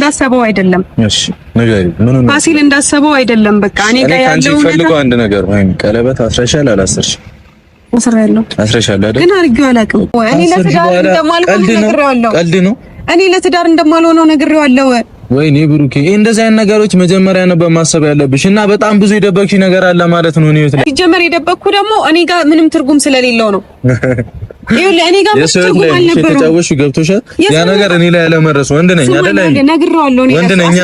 እንዳሰበው አይደለም። እሺ ፋሲል እንዳሰበው አይደለም። በቃ እኔ ጋር ያለው ነገር ፈልጎ አንድ ነገር ወይ ቀለበት አስረሻል አላስርሽ? አስረሻለሁ። አስረሻለሁ አይደል? ግን አድርጌው አላውቅም። እኔ ለትዳር እንደማልሆነው ነግሬዋለሁ። ቀልድ ነው። እኔ ለትዳር እንደማልሆነው ነግሬዋለሁ። ወይኔ ብሩኬ፣ እንደዚህ አይነት ነገሮች መጀመሪያ ነበር ማሰብ ያለብሽ። እና በጣም ብዙ የደበቅሽ ነገር አለ ማለት ነው። እኔ ይወት ሲጀመር የደበቅኩ ደግሞ እኔ ጋር ምንም ትርጉም ስለሌለው ነው ይኸውልህ እኔ ጋር ገብቶሻል? ያ ነገር እኔ ላይ ያለመረሱ ወንድ ነኝ አይደል? ነግሬዋለሁ። እኔ ወንድ ነኝ።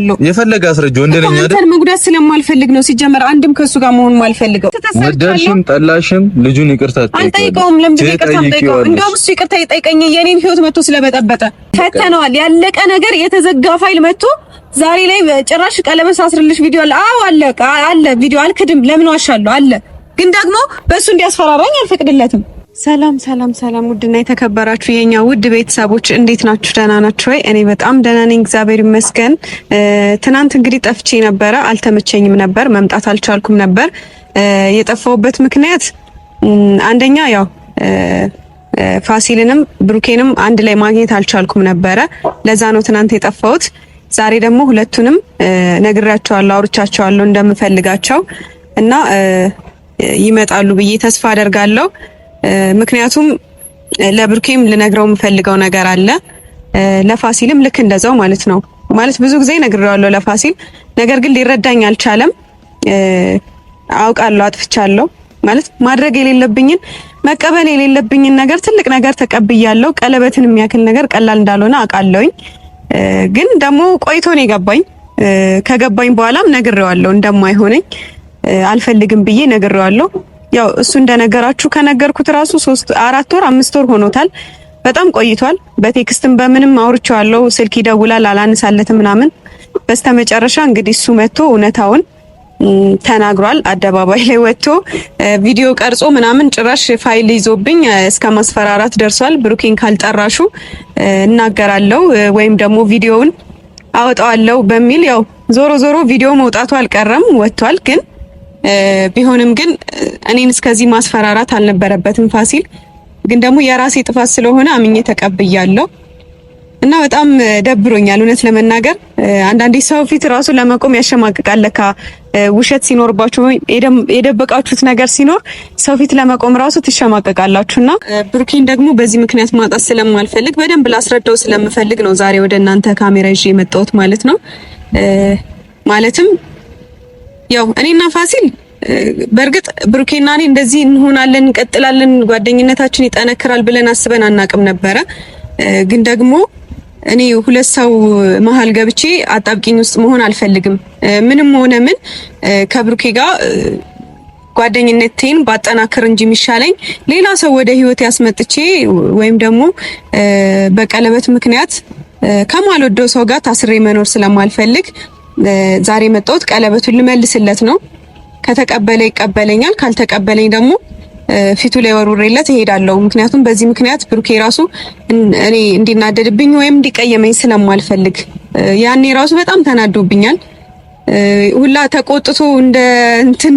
እኔ የፈለገ አስረጅ ወንድ ነኝ አይደል? አንተን መጉዳት ስለማልፈልግ ነው። ሲጀመር አንድም ከእሱ ጋር መሆን ማልፈልገው። ወደድሽም ጠላሽም ልጁን ይቅርታ አልጠይቀውም። ለምንድን ነው ይቅርታ አልጠይቀውም? እንደውም እሱ ይቅርታ ይጠይቀኝ የኔን ህይወት መጥቶ ስለበጠበጠ ፈተነዋል። ያለቀ ነገር የተዘጋ ፋይል መጥቶ ዛሬ ላይ ጭራሽ ቀለበት ሳስርልሽ ቪዲዮ አለ። አዎ አለ አለ ቪዲዮ አልክድም። ለምን ዋሻለሁ? አለ ግን ደግሞ በእሱ እንዲያስፈራራኝ አልፈቅድለትም። ሰላም ሰላም ሰላም፣ ውድና የተከበራችሁ የኛ ውድ ቤተሰቦች እንዴት ናችሁ? ደህና ናችሁ ወይ? እኔ በጣም ደህና ነኝ፣ እግዚአብሔር ይመስገን። ትናንት እንግዲህ ጠፍቼ ነበረ፣ አልተመቸኝም ነበር፣ መምጣት አልቻልኩም ነበር። የጠፋሁበት ምክንያት አንደኛ ያው ፋሲልንም ብሩኬንም አንድ ላይ ማግኘት አልቻልኩም ነበረ፣ ለዛ ነው ትናንት የጠፋሁት። ዛሬ ደግሞ ሁለቱንም ነግሬያቸዋለሁ፣ አውርቻቸዋለሁ እንደምፈልጋቸው እና ይመጣሉ ብዬ ተስፋ አደርጋለሁ። ምክንያቱም ለብሩኬም ልነግረው የምፈልገው ነገር አለ፣ ለፋሲልም ልክ እንደዛው ማለት ነው። ማለት ብዙ ጊዜ ነግሬዋለሁ ለፋሲል፣ ነገር ግን ሊረዳኝ አልቻለም። አውቃለሁ አጥፍቻለሁ። ማለት ማድረግ የሌለብኝን መቀበል የሌለብኝን ነገር ትልቅ ነገር ተቀብያለሁ። ቀለበትን የሚያክል ነገር ቀላል እንዳልሆነ አውቃለሁኝ። ግን ደግሞ ቆይቶ ነው የገባኝ። ከገባኝ በኋላም ነግሬዋለሁ እንደማይሆነኝ አልፈልግም ብዬ ነግሬዋለሁ። ያው እሱ እንደነገራችሁ ከነገርኩት ራሱ ሶስት አራት ወር አምስት ወር ሆኖታል። በጣም ቆይቷል። በቴክስትም በምንም አውርቼዋለሁ። ስልክ ይደውላል አላነሳለትም ምናምን። በስተመጨረሻ እንግዲህ እሱ መጥቶ እውነታውን ተናግሯል። አደባባይ ላይ ወጥቶ ቪዲዮ ቀርጾ ምናምን ጭራሽ ፋይል ይዞብኝ እስከ ማስፈራራት ደርሷል። ብሩኪን ካልጠራሹ እናገራለሁ ወይም ደግሞ ቪዲዮውን አወጣዋለሁ በሚል ያው ዞሮ ዞሮ ቪዲዮ መውጣቱ አልቀረም፣ ወጥቷል ግን ቢሆንም ግን እኔን እስከዚህ ማስፈራራት አልነበረበትም ፋሲል። ግን ደግሞ የራሴ ጥፋት ስለሆነ አምኜ ተቀብያለሁ እና በጣም ደብሮኛል። እውነት ለመናገር አንዳንዴ ሰው ፊት ራሱ ለመቆም ያሸማቅቃል። ለካ ውሸት ሲኖርባችሁ የደበቃችሁት ነገር ሲኖር ሰው ፊት ለመቆም ራሱ ትሸማቀቃላችሁና ብሩኪን ደግሞ በዚህ ምክንያት ማጣት ስለማልፈልግ በደንብ ላስረዳው ስለምፈልግ ነው ዛሬ ወደ እናንተ ካሜራ ይዤ የመጣሁት ማለት ነው ማለትም ያው እኔና ፋሲል በእርግጥ ብሩኬና እኔ እንደዚህ እንሆናለን እንቀጥላለን ጓደኝነታችን ይጠነክራል ብለን አስበን አናቅም ነበረ። ግን ደግሞ እኔ ሁለት ሰው መሀል ገብቼ አጣብቂኝ ውስጥ መሆን አልፈልግም። ምንም ሆነ ምን ከብሩኬ ጋር ጓደኝነቴን ባጠናክር እንጂ የሚሻለኝ ሌላ ሰው ወደ ህይወት ያስመጥቼ ወይም ደግሞ በቀለበት ምክንያት ከማልወደው ሰው ጋር ታስሬ መኖር ስለማልፈልግ ዛሬ የመጣሁት ቀለበቱን ልመልስለት ነው። ከተቀበለ ይቀበለኛል፣ ካልተቀበለኝ ደግሞ ፊቱ ላይ ወርውሬለት እሄዳለሁ። ምክንያቱም በዚህ ምክንያት ብሩኬ ራሱ እኔ እንዲናደድብኝ ወይም እንዲቀየመኝ ስለማልፈልግ ያኔ ራሱ በጣም ተናዶብኛል። ሁላ ተቆጥቶ እንደ እንትን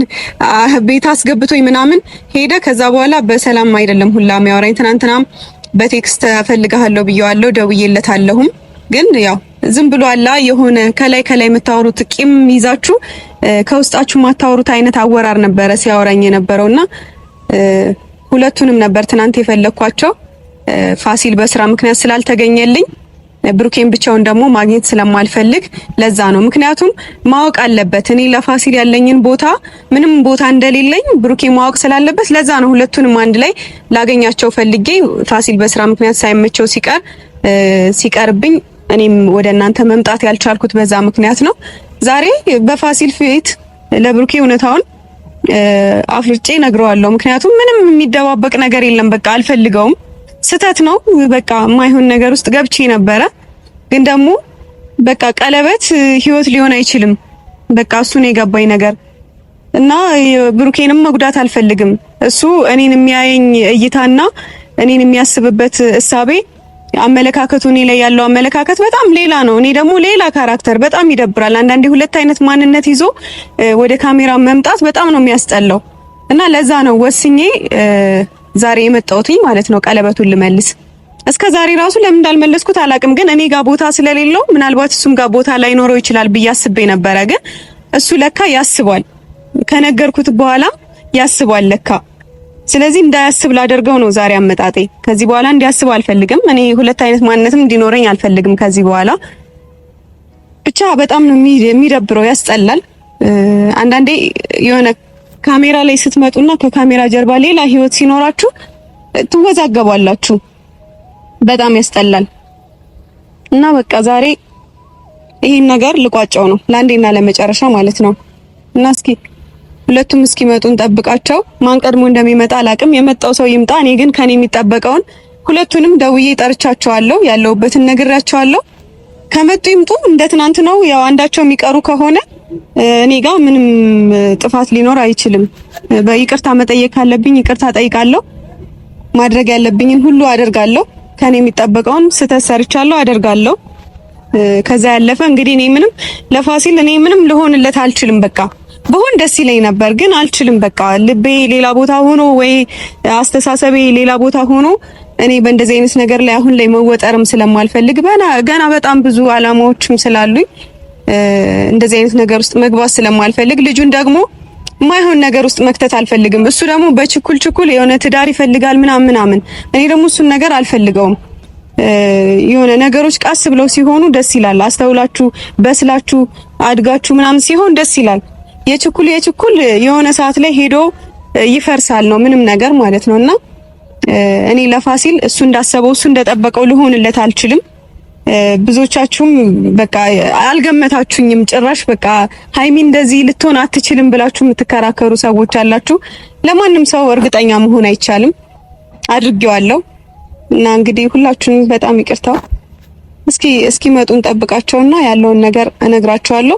ቤት አስገብቶኝ ምናምን ሄደ። ከዛ በኋላ በሰላም አይደለም ሁላ የሚያወራኝ። ትናንትናም በቴክስት እፈልግሃለሁ ብየዋለሁ፣ ደውዬለታለሁም ግን ያው ዝም ብሎ አላ የሆነ ከላይ ከላይ የምታወሩት ቂም ይዛችሁ ከውስጣችሁ ማታወሩት አይነት አወራር ነበረ ሲያወራኝ የነበረውና ሁለቱንም ነበር ትናንት የፈለኳቸው። ፋሲል በስራ ምክንያት ስላልተገኘልኝ ብሩኬን ብቻውን ደግሞ ማግኘት ስለማልፈልግ ለዛ ነው። ምክንያቱም ማወቅ አለበት እኔ ለፋሲል ያለኝን ቦታ ምንም ቦታ እንደሌለኝ ብሩኬ ማወቅ ስላለበት ለዛ ነው ሁለቱንም አንድ ላይ ላገኛቸው ፈልጌ ፋሲል በስራ ምክንያት ሳይመቸው ሲቀር ሲቀርብኝ እኔም ወደ እናንተ መምጣት ያልቻልኩት በዛ ምክንያት ነው። ዛሬ በፋሲል ፊት ለብሩኬ እውነታውን አፍልጬ ነግረዋለሁ። ምክንያቱም ምንም የሚደባበቅ ነገር የለም። በቃ አልፈልገውም። ስህተት ነው። በቃ የማይሆን ነገር ውስጥ ገብቼ ነበረ። ግን ደግሞ በቃ ቀለበት ህይወት ሊሆን አይችልም። በቃ እሱ ነው የገባኝ ነገር እና ብሩኬንም መጉዳት አልፈልግም። እሱ እኔን የሚያየኝ እይታና እኔን የሚያስብበት እሳቤ አመለካከቱ እኔ ላይ ያለው አመለካከት በጣም ሌላ ነው። እኔ ደግሞ ሌላ ካራክተር በጣም ይደብራል። አንዳንዴ ሁለት አይነት ማንነት ይዞ ወደ ካሜራ መምጣት በጣም ነው የሚያስጠላው እና ለዛ ነው ወስኜ ዛሬ የመጣሁትኝ ማለት ነው። ቀለበቱን ልመልስ እስከ ዛሬ ራሱ ለምን እንዳልመለስኩት አላቅም፣ ግን እኔ ጋር ቦታ ስለሌለው ምናልባት እሱም ጋር ቦታ ላይኖረው ይችላል ብዬ አስቤ ነበረ። ግን እሱ ለካ ያስቧል፣ ከነገርኩት በኋላ ያስቧል ለካ ስለዚህ እንዳያስብ ላደርገው ነው ዛሬ አመጣጤ። ከዚህ በኋላ እንዲያስብ አልፈልግም። እኔ ሁለት አይነት ማንነትም እንዲኖረኝ አልፈልግም ከዚህ በኋላ። ብቻ በጣም ነው የሚደብረው፣ ያስጠላል። አንዳንዴ የሆነ ካሜራ ላይ ስትመጡና ከካሜራ ጀርባ ሌላ ህይወት ሲኖራችሁ ትወዛገባላችሁ። በጣም ያስጠላል። እና በቃ ዛሬ ይሄን ነገር ልቋጨው ነው ለአንዴና ለመጨረሻ ማለት ነው እና እስኪ ሁለቱም እስኪመጡ እንጠብቃቸው። ማን ቀድሞ እንደሚመጣ አላቅም። የመጣው ሰው ይምጣ። እኔ ግን ከኔ የሚጠበቀውን ሁለቱንም ደውዬ ጠርቻቸዋለሁ፣ ያለሁበትን ነግራቸዋለሁ። ከመጡ ይምጡ። እንደ ትናንት ነው ያው አንዳቸው የሚቀሩ ከሆነ እኔ ጋር ምንም ጥፋት ሊኖር አይችልም። በይቅርታ መጠየቅ ካለብኝ ይቅርታ ጠይቃለሁ። ማድረግ ያለብኝን ሁሉ አደርጋለሁ። ከኔ የሚጠበቀውን ስህተት ሰርቻለሁ አደርጋለሁ። ከዛ ያለፈ እንግዲህ እኔ ምንም ለፋሲል እኔ ምንም ልሆንለት አልችልም በቃ ብሆን ደስ ይለኝ ነበር፣ ግን አልችልም። በቃ ልቤ ሌላ ቦታ ሆኖ ወይ አስተሳሰቤ ሌላ ቦታ ሆኖ እኔ በእንደዚህ አይነት ነገር ላይ አሁን ላይ መወጠርም ስለማልፈልግ ገና በጣም ብዙ አላማዎችም ስላሉኝ እንደዚህ አይነት ነገር ውስጥ መግባት ስለማልፈልግ ልጁን ደግሞ ማይሆን ነገር ውስጥ መክተት አልፈልግም። እሱ ደግሞ በችኩል ችኩል የሆነ ትዳር ይፈልጋል ምናምን ምናምን፣ እኔ ደግሞ እሱን ነገር አልፈልገውም። የሆነ ነገሮች ቃስ ብለው ሲሆኑ ደስ ይላል። አስተውላችሁ በስላችሁ አድጋችሁ ምናምን ሲሆን ደስ ይላል። የችኩል የችኩል የሆነ ሰዓት ላይ ሄዶ ይፈርሳል ነው ምንም ነገር ማለት ነውና እኔ ለፋሲል እሱ እንዳሰበው እሱ እንደጠበቀው ልሆንለት አልችልም። ብዙዎቻችሁም በቃ አልገመታችሁኝም። ጭራሽ በቃ ሀይሚ እንደዚህ ልትሆን አትችልም ብላችሁ የምትከራከሩ ሰዎች አላችሁ። ለማንም ሰው እርግጠኛ መሆን አይቻልም። አድርጌዋለሁ እና እንግዲህ ሁላችሁም በጣም ይቅርታው። እስኪ እስኪመጡ እንጠብቃቸውና ያለውን ነገር እነግራቸዋለሁ።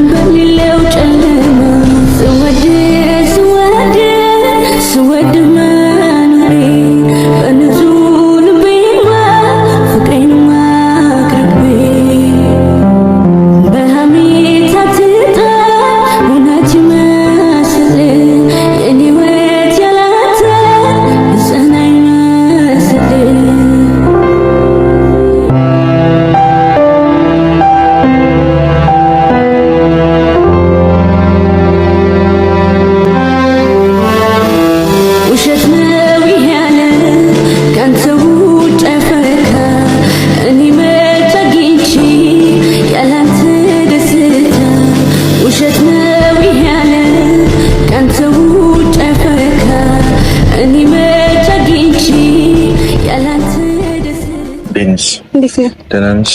ደህና ነሽ?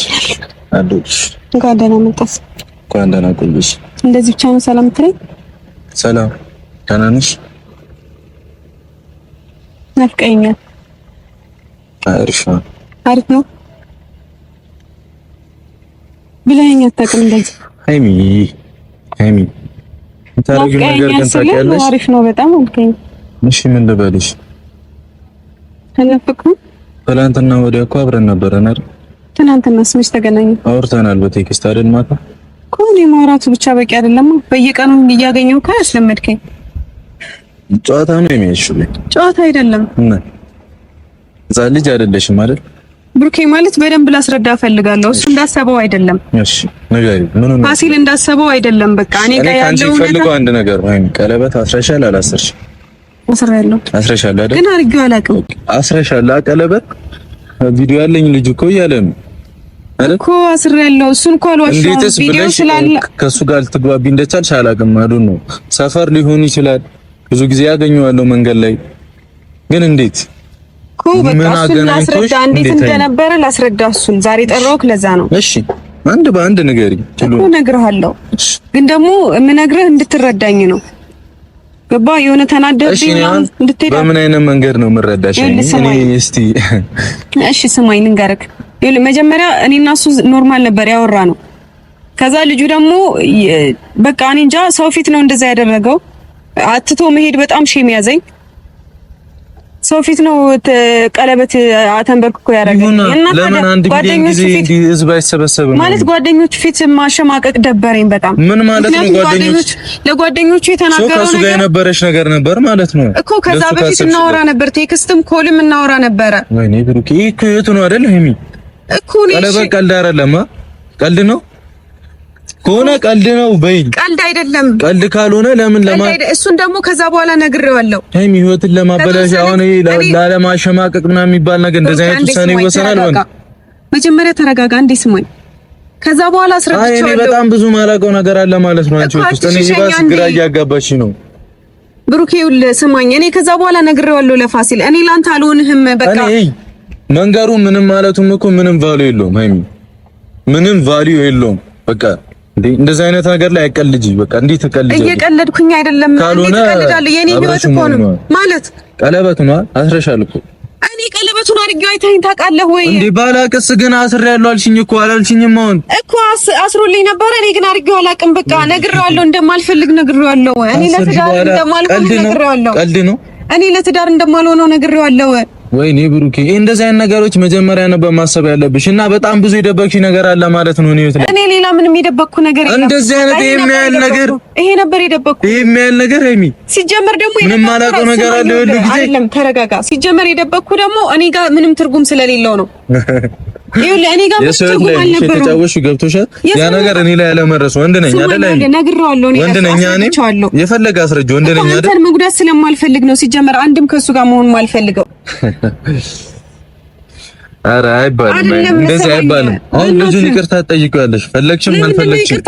አለሁልሽ። እንኳን ደህና መጣሽ። እንኳን ደህና ቆየሽ። እንደዚህ ብቻ ነው ሰላም ትለኝ? ሰላም፣ ደህና ነሽ? ናፍቀኸኛል። አሪፍ ነው። አሪፍ ነው ብለኸኝ አታውቅም። እንደዚህ ሀይሚ ሀይሚ የምታደርጊው ነገር ግን ታውቂያለሽ። አሪፍ ነው በጣም አልከኝ። እሺ ምን ልበልሽ? ትናንትና ወዲያ እኮ አብረን ነበረን አይደል? ትናንትና ስምሽ ተገናኘ? አውርተናል በቴክስት አይደል? ማታ እኮ እኔ ማውራቱ ብቻ በቂ አይደለም። በየቀኑ እያገኘሁ ካስለመድከኝ ጨዋታ ነው የሚያሽልኝ። ጨዋታ አይደለም። እና እዛ ልጅ አይደለሽም አይደል? ብሩኬ ማለት በደንብ ላስረዳ ፈልጋለሁ። እሱ እንዳሰበው አይደለም። እሺ ነገር ምን ፋሲል እንዳሰበው አይደለም። በቃ እኔ ጋር ያለው ነገር አንድ ነገር ወይ ቀለበት አስረሻል አላስረሽ? አስረሻለሁ። አስረሻለሁ አይደል? ግን አድርጌው አላውቅም። አስረሻለሁ ቀለበት ቪዲዮ ያለኝ ልጅ እኮ እያለ ነው እኮ አስር ያለው እሱን እኮ አልዋሽም። ቪዲዮ ስላለ ከሱ ጋር ልትግባቢ እንደቻልሽ አላውቅም። አይደል ነው ሰፈር ሊሆን ይችላል። ብዙ ጊዜ ያገኘዋለሁ መንገድ ላይ ግን እንዴት እኮ በቃ እሱን ላስረዳ፣ እንዴት እንደነበረ ላስረዳ። እሱን ዛሬ ጠራሁህ ለዛ ነው። እሺ አንድ በአንድ ንገሪኝ እኮ እነግርሃለሁ፣ ግን ደግሞ የምነግርህ እንድትረዳኝ ነው። ገባ የሆነ ተናደብኝ። እንድትሄድ በምን አይነት መንገድ ነው የምረዳሽ? እኔ እስቲ እሺ ስማኝ፣ ንገርክ ይኸውልህ መጀመሪያ እና እሱ ኖርማል ነበር ያወራ ነው። ከዛ ልጁ ደግሞ በቃ እኔ እንጃ ሰው ፊት ነው እንደዛ ያደረገው። አትቶ መሄድ በጣም ሼም ያዘኝ። ሰው ፊት ነው ቀለበት አተንበርክኮ ያደረገኝ። እና ለምን አንድ ሚሊዮን ጊዜ ህዝብ አይሰበሰብም ማለት ጓደኞቹ ፊት ማሸማቀቅ ደበረኝ በጣም። ምን ማለት ነው ጓደኞች? ለጓደኞቹ የተናገረው ነገር የነበረች ነገር ነበር ማለት ነው እኮ። ከዛ በፊት እናወራ ነበር፣ ቴክስትም ኮልም እናወራ ነበረ። ወይኔ ብሩክ፣ ይሄ እኮ የቱ ነው አይደል ሄሚ እኮ ነው። ቀለበት ቀልድ አይደለም። ቀልድ ነው ከሆነ ቀልድ ነው በይኝ። ቀልድ አይደለም። ቀልድ ካልሆነ ለምን ለማ እሱን ደግሞ ከዛ በኋላ ነግሬዋለሁ። ታይም ህይወትን ለማበላሽ አሁን ላለማሸማቀቅ ምናምን የሚባል ነገር እንደዚህ አይነት ውሳኔ ይወሰናል። ወንድ መጀመሪያ ተረጋጋ፣ እንዴ ስሞኝ። ከዛ በኋላ አስረድቻለሁ። አይ በጣም ብዙ ማላውቀው ነገር አለ ማለት ነው። አንቺ ውስጥ እኔ ይባስ ግራ እያጋባሽ ነው። ብሩኬ ስማኝ፣ እኔ ከዛ በኋላ ነግሬዋለሁ ለፋሲል። እኔ ላንተ አልሆንህም በቃ መንገሩ ምንም ማለቱም እኮ ምንም ቫልዩ የለውም። ሃይሚ ምንም ቫልዩ የለውም። በቃ እንዴ እንደዚህ አይነት ነገር ላይ አይቀልጂ። በቃ እንዴ ተቀልጂ። እየቀለድኩኝ አይደለም ማለት ተቀልዳለሁ። የኔ ህይወት እኮ ነው ማለት ቀለበቱ ነው። አስረሻል እኮ እኔ ቀለበቱን አድርጌው አይተኸኝ ታውቃለህ ወይ? እንዴ ባላቅስ ግን አስሬያለሁ አልሽኝ እኮ አላልሽኝም? አሁን እኮ አስሮልኝ ነበረ። እኔ ግን አድርጌው አላውቅም። በቃ ነግሬዋለሁ፣ እንደማልፈልግ ነግሬዋለሁ። እኔ ለትዳር እንደማልሆን ነግሬዋለሁ። ቀልድ ነው። እኔ ለትዳር እንደማልሆነው ነግሬዋለሁ። ወይኔ ብሩኬ፣ እንደዚህ አይነት ነገሮች መጀመሪያ ነበር ማሰብ ያለብሽ። እና በጣም ብዙ የደበቅሽ ነገር አለ ማለት ነው። እኔ ሌላ ምንም የደበቅኩ ነገር የለም። እንደዚህ አይነት ይሄን ያህል ነገር ይሄ ነበር የደበቅኩ ይሄን ያህል ነገር ሀይሚ። ሲጀመር ደግሞ ምንም አላውቀው ነገር አለ። ይኸውልህ ጊዜ አይደለም፣ ተረጋጋ። ሲጀመር የደበቅኩ ደግሞ እኔ ጋር ምንም ትርጉም ስለሌለው ነው። ጋር የፈለገ አስረጅ ወንድ ነኝ አይደል? መጉዳት ስለማልፈልግ ነው። ሲጀመር አንድም ጋር መሆን ማልፈልገው አረ አይባልም፣ እንደዚህ አይባልም። አሁን ልጁን ይቅርታ ትጠይቂዋለሽ፣ ፈለግሽም አልፈለግሽም።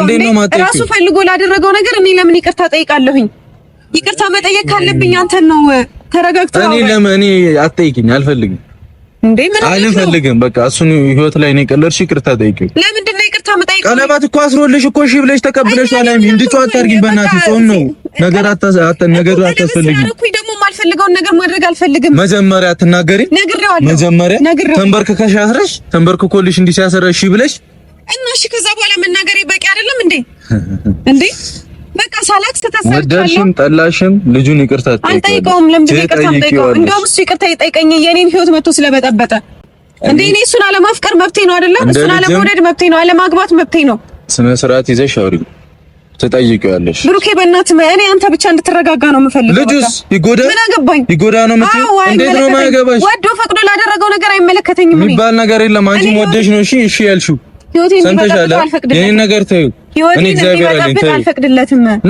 እንዴት ፈልጎ ላደረገው ነገር እኔ ለምን ይቅርታ እጠይቃለሁኝ? ይቅርታ መጠየቅ ካለብኝ አንተን ነው። ተረጋግቶ እኔ ለምን እኔ አትጠይቂኝ፣ አልፈልግም አልፈልግም። በቃ እሱን ህይወት ላይ ነው የቀለድሽ። ይቅርታ ጠይቂው። ለምንድን ነው ይቅርታ የምጠይቀው? ቀለባት እኮ አስሮልሽ እኮ እሺ ብለሽ ተቀብለሽ አላይም። እንድትዋጣ አድርጊ። በእናትሽ ጾም ነው ነገር አታ ነገር አታስፈልጊም የምፈልገውን ነገር ማድረግ አልፈልግም። መጀመሪያ አትናገሪ። ነግሬዋለሁ። መጀመሪያ ተንበርክከሽ አስረሽ ተንበርክኮልሽ እንዲህ ሲያስረሽ ብለሽ እና እሺ፣ ከዛ በኋላ መናገሬ በቂ አይደለም እንዴ? እንዴ በቃ ሳላክ ወደድሽም ጠላሽም ልጁን ይቅርታ አልጠይቀውም። ለምንድን ይቅርታ አልጠይቀውም? እንደውም እሱ ይቅርታ ይጠይቀኝ የኔን ህይወት መጥቶ ስለበጠበጠ እንዴ። እኔ እሱን አለማፍቀር መብቴ ነው አይደለም? እሱን አለመውደድ መብቴ ነው፣ አለማግባት መብቴ ነው። ስነ ስርዓት ይዘሽ አውሪው ትጠይቂዋለሽ። ብሩኬ በእናትህ እኔ አንተ ብቻ እንድትረጋጋ ነው የምፈልገው። ልጁስ ይጎዳ ምን አገባኝ? ይጎዳ ነው ምት እንዴት ነው የማያገባሽ? ወዶ ፈቅዶ ላደረገው ነገር አይመለከተኝም የሚባል ነገር የለም። አንቺም ወደሽ ነው እሺ እሺ ያልሽው ነገር ተይው። እኔ እግዚአብሔር አለኝ ተይው።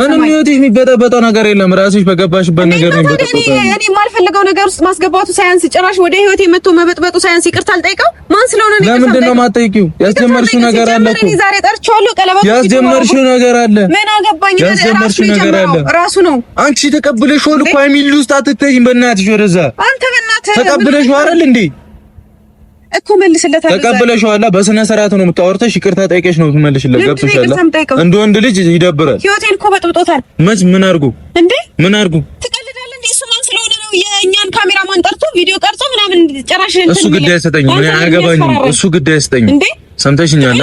ምንም ህይወቴ የሚበጠበጠው ነገር የለም። ራስሽ በገባሽበት ነገር ነው እኔ የማልፈልገው ነገር ውስጥ ማስገባቱ ሳያንስ ጭራሽ ወደ ህይወቴ መጥቶ መበጥበጡ ሳያንስ ይቅርታ አልጠይቀው። ማን ስለሆነ ነው? ለምንድን ነው የማትጠይቂው? ያስጀመርሽው ነገር አለ እኮ ዛሬ ጠርቼዋለሁ። ቀለበቱ ያስጀመርሽው ነገር አለ። ምን አገባኝ? ያስጀመርሽው ነገር አለ ራሱ ነው። አንቺ ተቀብለሽው ልኳ የሚል ውስጥ አትተይም። በእናትሽ ወደዛ አንተ በእናትህ ተቀብለሽው አይደል እንዴ እኮ መልስለታለሁ። ተቀብለሽዋላ። በስነ ስርዓት ነው የምታወርተሽ። ይቅርታ ጠይቀሽ ነው የምትመልሽለት። ገብቶሻል? እንደ ወንድ ልጅ ይደብራል። ህይወቴን እኮ በጥብጦታል። መች ምን አድርጉ እንዴ? ምን አድርጉ? ትቀልዳለህ እሱ ማን ስለሆነ ነው የእኛን ካሜራማን ጠርቶ ቪዲዮ ቀርጾ ምናምን ጭራሽ እሱ ግድ አይሰጠኝም። ምን አያገባኝ እሱ ግድ አይሰጠኝም እንዴ? ሰምተሽኛል?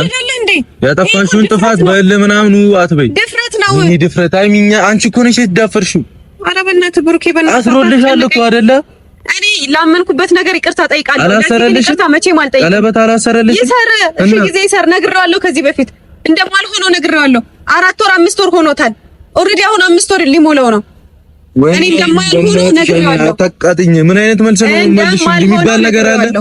ያጠፋሽውን ጥፋት በእልህ ምናምን አትበይ። ድፍረት ነው ይሄ ድፍረት። አይሚኛ አንቺ እኮ ነሽ የተዳፈርሽው። ኧረ በእናትህ ብሩኬ፣ በእናትህ አስሮልሻል እኮ አይደለ እኔ ላመንኩበት ነገር ይቅርታ ጠይቃለሁ። አላሰረልሽ ይቅርታ መቼም አልጠይቅም። ቀለበት አላሰረልሽ ይሰር እሺ፣ ጊዜ ይሰር ነግሬዋለሁ። ከዚህ በፊት እንደማልሆነው ነግሬዋለሁ። አራት ወር አምስት ወር ሆኖታል። ኦልሬዲ አሁን አምስት ወር ሊሞላው ነው። እኔ እንደማልሆነው ነግሬዋለሁ። ምን አይነት መልስ ነው የሚባል ነገር አለ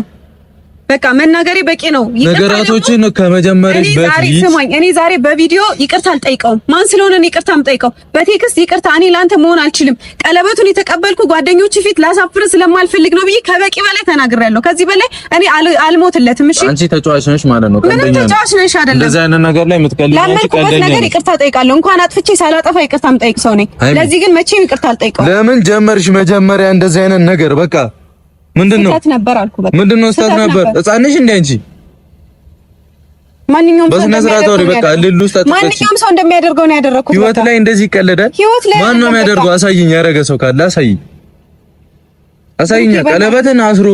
በቃ መናገሬ በቂ ነው። ነገራቶችን ከመጀመሪያ በፊት ስማኝ፣ እኔ ዛሬ በቪዲዮ ይቅርታ አልጠይቀውም። ማን ስለሆነ እኔ ይቅርታ የምጠይቀው? በቴክስት ይቅርታ እኔ ላንተ መሆን አልችልም። ቀለበቱን የተቀበልኩ ጓደኞች ፊት ላሳፍር ስለማልፈልግ ነው ብዬ ከበቂ በላይ ተናግሬያለሁ። ከዚህ በላይ እኔ አልሞትለትም። እሺ፣ አንቺ ተጫዋች ነሽ ማለት ነው። ምንም ተጫዋች ነሽ አይደለም። እንደዚህ አይነት ነገር ላይ የምትቀልጂው ላመንኩበት ነገር ይቅርታ ጠይቃለሁ። እንኳን አጥፍቼ ሳላጠፋ ይቅርታ የምጠይቅ ሰው ነኝ። ለዚህ ግን መቼም ይቅርታ አልጠይቀውም። ለምን ጀመርሽ መጀመሪያ እንደዚህ አይነት ነገር በቃ ምንድነው? ስህተት ነበር ነበር። ሕፃን እንዴ አንቺ? ማንኛውም ሰው እንደሚያደርገው ነው ያደረኩት። ህይወት ላይ እንደዚህ ይቀለዳል? ማን ነው የሚያደርገው? አሳይኝ። ያደረገ ሰው ካለ አሳይኝ፣ አሳይኝ። ቀለበትን አስሮ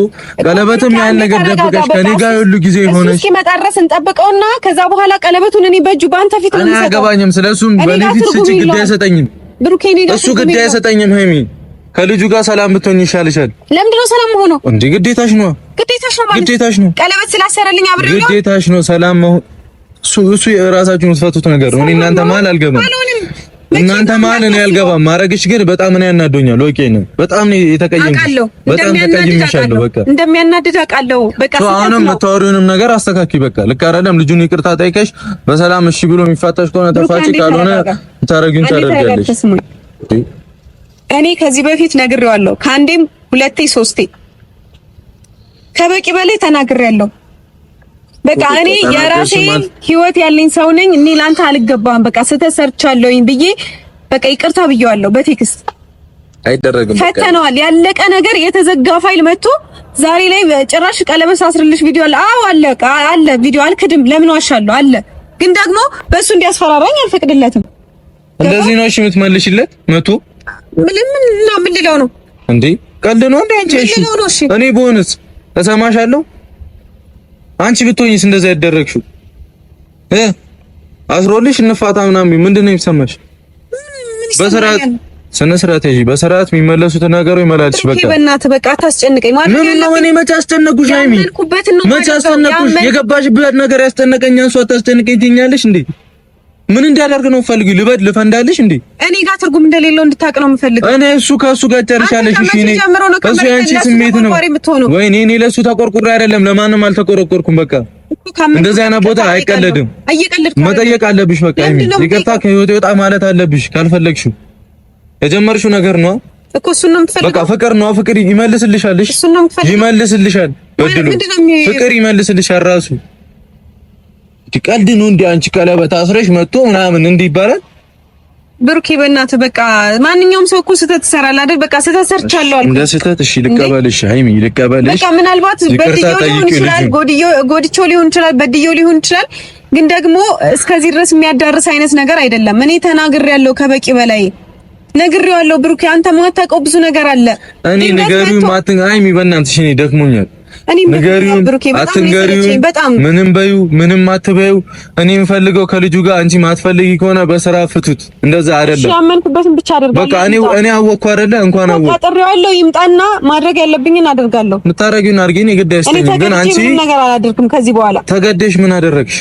ቀለበትም ያህል ነገር ደብቀሽ ከኔ ጋር ሁሉ ጊዜ ሆነሽ እስኪመጣ ድረስ እንጠብቀውና ከዛ በኋላ ቀለበቱን እኔ በእጁ በአንተ ፊት ነው የምሰጠው። አያገባኝም። ስለሱም በኔ ፊት ስጪ፣ ግድ አይሰጠኝም። እሱ ግድ አይሰጠኝም ሄሚ ከልጁ ጋር ሰላም ብትሆኝ ይሻልሻል። ለምንድን ነው ሰላም ሆኖ? እንዴ ግዴታሽ ነው፣ ግዴታሽ ነው ማለት ግዴታሽ ነው። ቀለበት ስላሰረልኝ ነው ግዴታሽ ነው። ሰላም እሱ እሱ የራሳችሁን ስፈቱት ነገር ነው። እናንተ መሀል አልገባም፣ እናንተ መሀል እኔ አልገባም። ማረግሽ ግን በጣም እኔ ያናዶኛል። ኦኬ ነው፣ በጣም ነው የተቀየምኩ፣ በጣም ተቀይሜሻለሁ። በቃ እንደሚያናድድ አውቃለሁ። በቃ አሁንም የምታወሪውንም ነገር አስተካክይ። በቃ ልክ አይደለም። ልጁን ይቅርታ ጠይቀሽ በሰላም እሺ ብሎ የሚፋታሽ ከሆነ ተፋጭ፣ ካልሆነ ታረጋግኝ ታደርጋለሽ እኔ ከዚህ በፊት ነግሬዋለሁ። ከአንዴም ሁለቴ ሶስቴ ከበቂ በላይ ተናግሬያለሁ። በቃ እኔ የራሴን ህይወት ያለኝ ሰው ነኝ። እኔ ላንተ አልገባም። በቃ ስህተት ሰርቻለሁኝ ብዬ በቃ ይቅርታ ብየዋለሁ በቴክስት አይደረግም። ፈተነዋል። ያለቀ ነገር የተዘጋ ፋይል መጥቶ ዛሬ ላይ ጭራሽ ቀለበስ አስርልሽ ቪዲዮ አለ። አዎ አለ አለ ቪዲዮ አልክድም። ለምን ዋሻለሁ? አለ ግን ደግሞ በእሱ እንዲያስፈራራኝ አልፈቅድለትም። እንደዚህ ነው እሺ የምትመልሽለት መቶ ምንም እና ምን ልለው ነው እንዴ? ቀልድ ነው እንዴ? አንቺ እሺ፣ እኔ እሰማሻለሁ። አንቺ ብትሆኝስ እንደዛ ያደረግሽው እ አስሮልሽ እንፋታ ምናምን ምንድን ነው የሚሰማሽ? በስርዓት ስነ ስርዓት ይጂ በስርዓት የሚመለሱት ነገር ይመላልሽ። በቃ በእናትህ በቃ አታስጨንቀኝ። ማለት ምን ነው እኔ መቼ አስጨነቁሽ? ሃይሚ መቼ የገባሽበት ነገር ያስጨነቀኛን እሷ አታስጨንቀኝ ትይኛለሽ እንዴ? ምን እንዳደርግ ነው ፈልጊ? ልበድ ልፈንዳልሽ እንዴ? እኔ ጋር ትርጉም እንደሌለው እንድታውቅ ነው የምፈልገው። እኔ እሱ ከእሱ ጋር ጨርሻለሽ። እሺ፣ እኔ እሱ ያንቺ ስሜት ነው ወይ? እኔ እኔ ለእሱ ተቆርቁሬ አይደለም፣ ለማንም አልተቆረቆርኩም። በቃ እንደዚህ አይነት ቦታ አይቀለድም። መጠየቅ አለብሽ። በቃ ይቅርታ ከህይወቴ ወጣ ማለት አለብሽ። ካልፈለግሽው የጀመርሽው ነገር ነው እኮ እሱን ነው የምትፈልገው። በቃ ፍቅር ነው ፍቅር ይመልስልሻል። እሺ፣ ይመልስልሻል። በድሉ ፍቅር ይመልስልሻል ራሱ ቀልድ ነው እንዴ? አንቺ ቀለበት አስረሽ መጥቶ ምናምን እንዲህ ይባላል? ብሩኬ በእናትህ በቃ ማንኛውም ሰው እኮ ስህተት ይሰራል አይደል? በቃ ስህተት ሰርቻለሁ አልኩ። እንደ ስህተት እሺ፣ ልቀበልሽ ሃይሚ ልቀበልሽ። በቃ ምናልባት በድዬው ሊሆን ይችላል፣ ጎድቼው ሊሆን ይችላል፣ በድዬው ሊሆን ይችላል። ግን ደግሞ እስከዚህ ድረስ የሚያዳርስ አይነት ነገር አይደለም። እኔ ተናግሬያለሁ ከበቂ በላይ ነግሬዋለሁ። ብሩኬ አንተ ማታውቀው ብዙ ነገር አለ። እኔ ነገሩ ማትን ሃይሚ፣ በእናትሽ እኔ ደክሞኛል ምንም በዩ ምንም አትበዩ። እኔ የምፈልገው ከልጁ ጋር አንቺ ማትፈልጊ ከሆነ በስራ ፍቱት። እንደዛ አይደለም። ያመንኩበትን ብቻ አደርጋለሁ። በቃ እኔ እኔ አወቅኩ አይደለ? እንኳን አወቅኩ። አጥሬዋለሁ። ይምጣና ማድረግ ያለብኝን አደርጋለሁ። አድርጊ። እኔ ግድ ግን አንቺ ምንም ነገር አላደርግም ከዚህ በኋላ። ተገደሽ ምን አደረግሽ?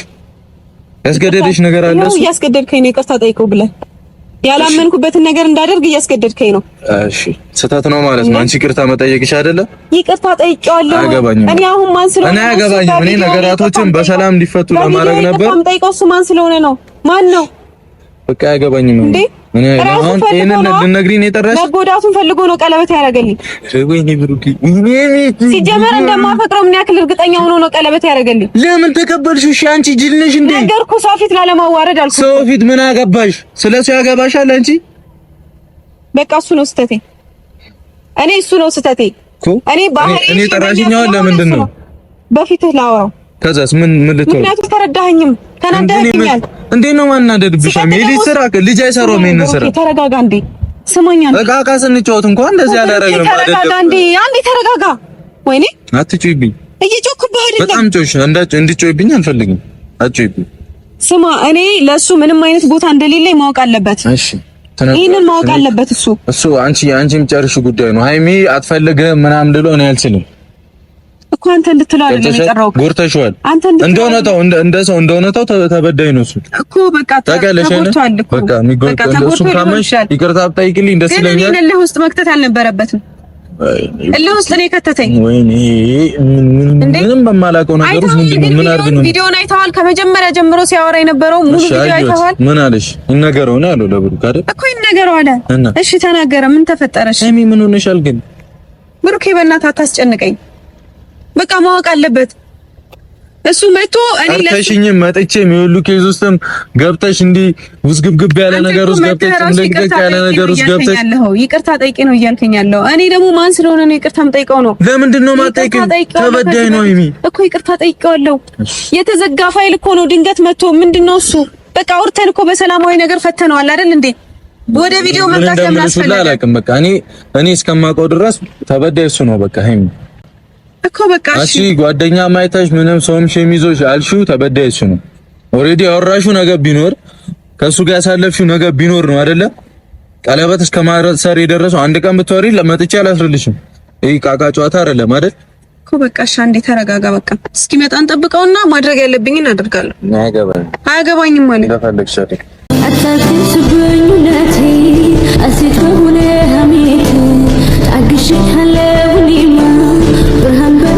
ያስገደደሽ ነገር አለ? እሱ ያስገደድከኝ ነው። ይቅርታ ጠይቀው ያላመንኩበትን ነገር እንዳደርግ እያስገደድከኝ ነው። እሺ ስህተት ነው ማለት ነው። አንቺ ይቅርታ መጠየቅሽ አይደለ? ይቅርታ ጠይቄዋለሁ። እኔ አሁን ማን ስለሆነ እኔ አያገባኝም። እኔ ነገራቶችን በሰላም እንዲፈቱ ለማድረግ ነበር። ይቅርታ የምጠይቀው እሱ ማን ስለሆነ ነው? ማን ነው? በቃ አያገባኝም። እንዴ አሁን ይሄንን ልነግሪኝ የጠራሽ መጎዳቱን ፈልጎ ነው ቀለበት ያደረገልኝ። ወይኔ ብሩኬ፣ ሲጀመር እንደማፈቅረው ምን ያክል እርግጠኛ ሆኖ ነው ቀለበት ያደረገልኝ? ለምን ተቀበልሽ? እሺ አንቺ ጅል ነሽ እንዴ? ነገርኩ፣ ሰው ፊት ላለማዋረድ አልኩ። ሰው ፊት ምን አገባሽ? ስለ እሱ ያገባሻል አንቺ። በቃ እሱ ነው ስተቴ። እኔ እሱ ነው ስህተቴ። እኔ ባህሪ እኔ ጠራሽኛው ለምንድን ነው በፊትህ ላወራው ከዛስ ምን ምን ልትሆን? ምክንያቱ ተረዳኸኝም ተናደኸኛል። እንዴት ነው ማናደድብሽ? ሜሊ ስራ ልጅ አይሰራውም ይሄን ስራ። ተረጋጋ እንዴ ስማኛ። እቃ እቃ ስንጫወት እንኳን እንደዚህ አላደረግንም። ተረጋጋ እንዴ አንዴ ተረጋጋ። ወይኔ አትጮይብኝ። እየጮክብህ አይደለም። በጣም ጮሽ እንድትጮይብኝ አልፈልግም። አትጮይብኝ። ስማ እኔ ለሱ ምንም አይነት ቦታ እንደሌለኝ ማወቅ አለበት። እሺ ይህንን ማወቅ አለበት እሱ እሱ አንቺ አንቺም ጨርሽ ጉዳይ ነው። ሃይሚ አትፈልግህም ምናምን ልሎ እኔ አልችልም። እኮ አንተ እንድትለው አይደለም የጠራሁት። ጎርተሽዋል። አንተ እንደ እውነታው ሰው እንደ እውነታው ተበዳይ ነው እሱ እኮ በቃ ተጎድቷል እኮ በቃ እሱ ካመንሽ ይቅርታ ብጠይቅልኝ ደስ ይለኛል። ግን እልህ ውስጥ መክተት አልነበረበትም። እልህ ውስጥ ከተተኝ ወይኔ ምንም በማላውቀው ነገር ውስጥ ምን አድርግ ነው ቪዲዮውን አይተኸዋል? ከመጀመሪያ ጀምሮ ሲያወራ የነበረው ሙሉ ቪዲዮ አይተኸዋል? ምን አለሽ? ይነገረው ነው አለው ለብሩክ አይደል እኮ ይነገረው አለ። እሺ ተናገረ። ምን ተፈጠረሽ? እኔ ምን ሆነሻል? ግን ብሩኬ በእናትህ አታስጨንቀኝ። በቃ ማወቅ አለበት። እሱ መጥቶ እኔ ለሽኝ መጥቼ የሚወሉ ኬዝ ውስጥም ገብተሽ እንዲህ ውዝግብግብ ያለ ነገር ውስጥ ገብተሽ እንደግደክ ያለ ነገር ውስጥ ገብተሽ ይቅርታ ጠይቄ ነው እያልከኝ ያለው። እኔ ደግሞ ማን ስለሆነ ነው ይቅርታ የምጠይቀው ነው? ለምንድን ነው የማትጠይቀው? ተበዳይ ነው ይሚ እኮ ይቅርታ ጠይቄዋለሁ። የተዘጋ ፋይል እኮ ነው። ድንገት መቶ ምንድን ነው እሱ በቃ አውርተን እኮ በሰላማዊ ነገር ፈተነዋል አይደል እንዴ? ወደ ቪዲዮ መምጣት ለምን አስፈለገ? አላውቅም። በቃ እኔ እኔ እስከማውቀው ድረስ ተበዳይ እሱ ነው። በቃ ይሄም እኮ በቃ እሺ፣ ጓደኛ ማይታሽ ምንም ሰውም ሸሚዞሽ አልሽው ተበደይሽ ነው። ኦሬዲ ያወራሽው ነገር ቢኖር ከሱ ጋር ያሳለፍሽው ነገር ቢኖር ነው አይደለ? ቀለበት እስከ ማድረግ ሰር የደረሰው አንድ ቀን ብትወሪ ለመጥቼ አላስርልሽም። ይሄ ቃቃ ጨዋታ አይደለም አይደል? እኮ በቃ እሺ፣ አንዴ ተረጋጋ። በቃ እስኪመጣ እንጠብቀውና ማድረግ ያለብኝን አደርጋለሁ። አያገባኝ አያገባኝም ማለት ሸሪ ለፈልግሽ አይደል? አታልክም 很。